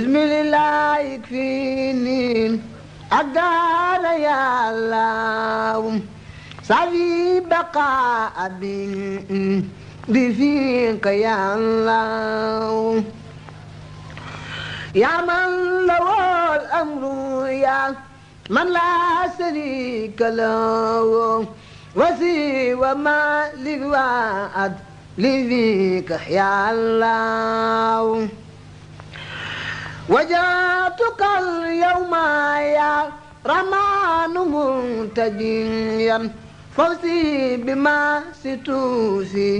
bismillah ikfini الدار يا الله سعي بقاء بفيك يا الله يا من له الأمر يا من لا شريك له وسوى ما للوعد لفيك يا الله وجاتك اليوم يا رمان منتجيا فوزي بما ستوفي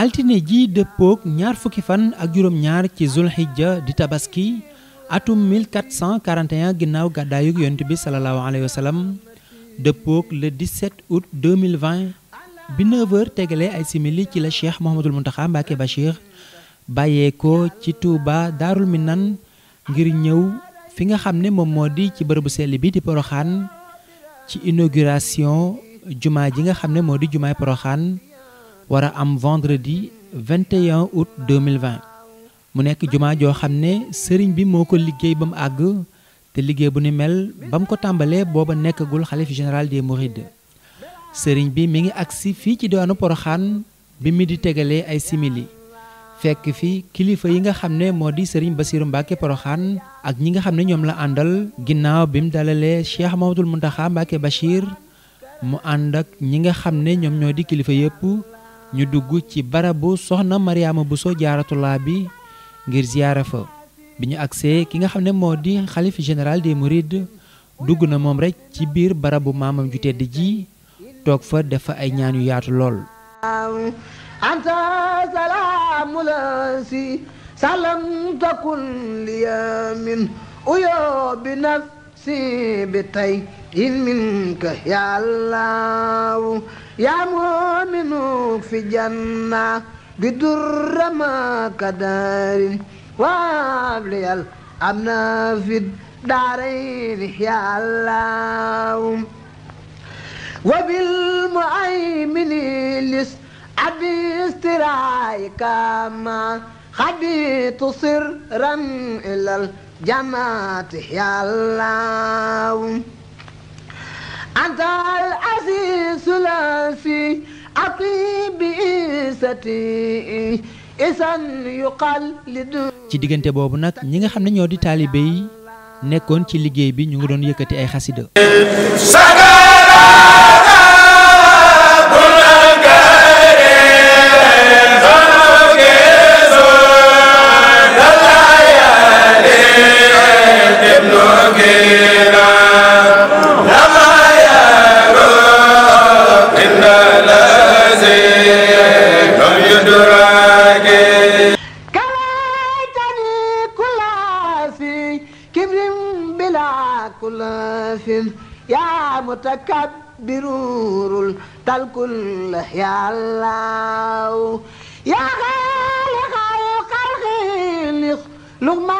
altine ji dëppook ñaar fukki fan ak juróom ñaar ci zulhijja di tabaski atum 1441 ginnaaw gàddaayug yonent bi salallaahu alayhi wa sallam dëppook le 17 août 2020 bi 9h tegalee ay simili ci la cheikh Mouhamadul Mountakha Mbacké Bachir bàyyee ci tuuba Daarul Minan ngir ñëw fi nga xam ne moom moo di ci bërëbu sell bi di Porokhane ci inauguration jumaa ji nga xam ne moo di jumaay Porokhane war a am vendredi 21 août 2020 mu nekk jumaa joo xam ne sëriñ bi moo ko liggéey ba mu àgg te liggéey bu ni mel ba mu ko tàmbalee booba nekkagul xalif général des Mourides sëriñ bi mi ngi agsi fii ci diwaanu Porokhane bi mi di tegalee ay simili fekk fi kilifa yi nga xam ne moo di Serigne Bassirou Mbacke Porokhane ak ñi nga xam ne ñoom la àndal ginnaaw bi mu dalalee Cheikh Mamadou Mountakha Mbacke Bachir mu ànd ak ñi nga xam ne ñoom ñoo di kilifa yëpp ñu dugg ci barabu soxna bu Bousso Jaaratullah bi ngir ziyaara fa bi ñu agsee ki nga xam ne moo di xalif général des Mourides dugg na moom rek ci biir barabu maamam ju tedd ji toog fa def ay ñaan yu yaatu lool. ملاسي سلمت كل يوم أيا بنفسي بتي إن منك يا الله يا مؤمن في جنة بدر ما كدار وابلي الأمن في الدارين يا الله وبالمؤمن لسنا أبستراي كما خديت سرا إلى الجماعة يا الله أنت العزيز الأنفي أطيب ci diggante boobu nag ñi nga xam ne ñoo di taalibe yi nekkoon ci liggéey bi ñu ngi doon yëkkati ay xasida المتكبرون الكل يا الله يا خالق الخلق لما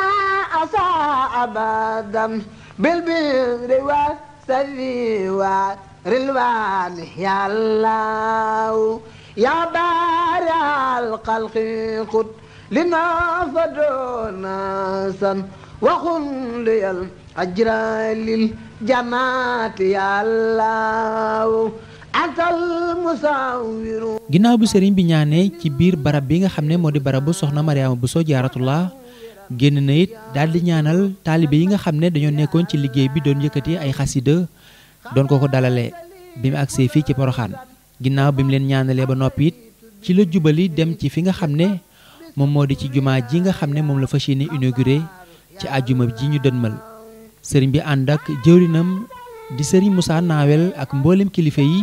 أساء أبدا بالبر والسر والرلوان يا الله يا بارع الخلق خد لنا فدونا وخلي ajralil janaati yàllaaw antal musawiru ginnaaw bu sëriñ bi ñaanee ci biir barab bi nga xam ne moo di barabu soxna Mariama Bousso Jaaratullah génn na it daal di ñaanal taalibe yi nga xam ne dañoo nekkoon ci liggéey bi doon yëkkati ay xasida doon koo ko dalale bi mu agsee fii ci Poroxaan ginnaaw bi mu leen ñaanalee ba noppi it ci la jubali dem ci fi nga xam ne moom moo di ci jumaa ji nga xam ne moom la fas yéene inauguré ci àjjuma ji ñu dënmal sëriñ bi ànd ak jëwrinam di sëriñ Moussa Nawel ak mboolem kilifa yi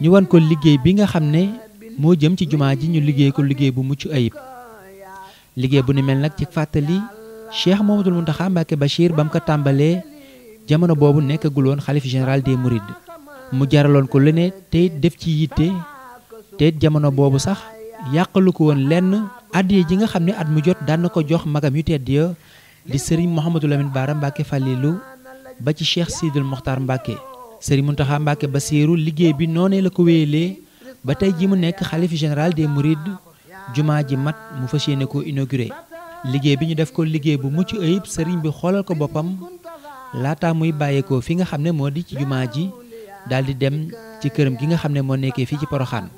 ñu wan ko liggéey bi nga xam ne moo jëm ci jumaa ji ñu liggéey ko liggéey bu mucc ayib liggéey bu ne mel nag ci fàttali Cheikh Mouhamadoul Mountakha Mbacké Bachir ba mu ko tàmbalee jamono boobu nekkagul woon xalif général des Mourides mu jaraloon ko lu ne te def ci yitte te jamono boobu sax yàqalu ko woon lenn addiya ji nga xam ne at mu jot daan na ko jox magam yu tedd ya di sëriñ Mouhamadou Lamine Bara Mbacke Fallilou ba ci Cheikh Sidil Mokhtar Mbacke sëriñ Mountakha Mbacke Bassirou liggéey bi noonee la ko wéyalee ba tey ji mu nekk xalif général de Mourides jumaa ji mat mu fa yéene ko inauguré. liggéey bi ñu def ko liggéey bu mucc ayib sëriñ bi xoolal ko boppam laataa muy bàyyeekoo fi nga xam ne moo di ci jumaa ji daal di dem ci këram gi nga xam ne moo nekkee fii ci Poroxaan.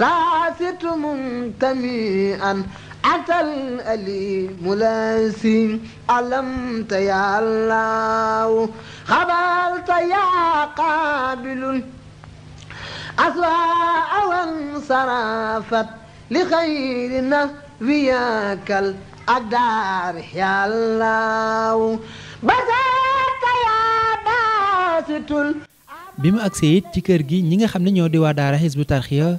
تاسط منتمئا أتى الأليم لاسم ألمت يا الله خبرت يا قابل أسواء وانصرفت لخير نفياك الأدار يا الله بسطت يا باسط bi mu agsee it ci kër gi ñi nga xam ne ñoo di waa daara Hizbut Tarqiyyah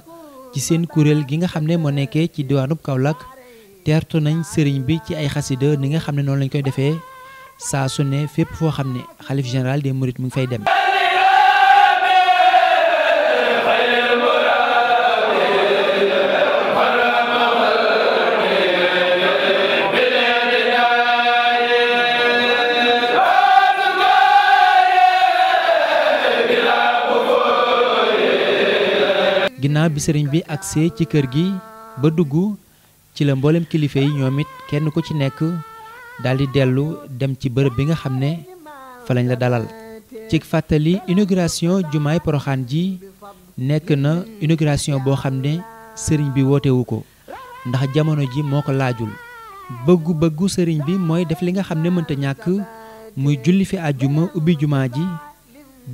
ci seen kuréel gi nga xam ne moo nekkee ci diwaanub Kaolack teertu nañ sëriñ bi ci ay xasida ni nga xam ne noonu lañ koy defee saa su ne fépp foo xam ne xalif général de mourides mu ngi fay dem ginnaaw bi sëriñ bi agsee ci kër gi ba dugg ci la mboolem kilifa yi ñoom it kenn ku ci nekk daal di dellu dem ci bërëb bi nga xam ne fa lañ la dalal. ci fàttali inauguration jumaay poroxaan ji nekk na inauguration boo xam ne sëriñ bi wootewu ko ndax jamono ji moo ko laajul. bëggu bëggu sëriñ bi mooy def li nga xam ne mënta ñàkk muy julli fi àjjuma ubbi jumaa ji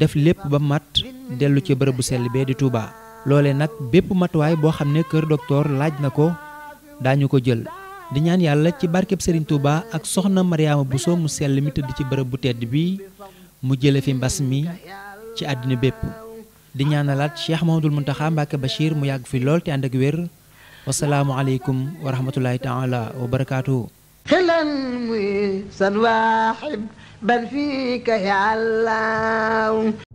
def lépp ba mat dellu ci bërëbu sell bee di tuubaa loole nag bépp matuwaay boo xam ne kër docteur laaj na ko daañu ko jël di ñaan yàlla ci barkeb Serigne tuuba ak soxna Mariama Bousso mu sell mi tëdd ci bërëb bu tedd bi mu jële fi mbas mi ci àddina bépp di ñaanalaat Cheikh Mahamadul Muntaxa Mbàkke Bachir mu yàgg fi lool te ànd ak wér wasalaamualeykum wa rahmatullahi taala wa barakaatuhu xelan muy san waaxib bal fii ka yàlla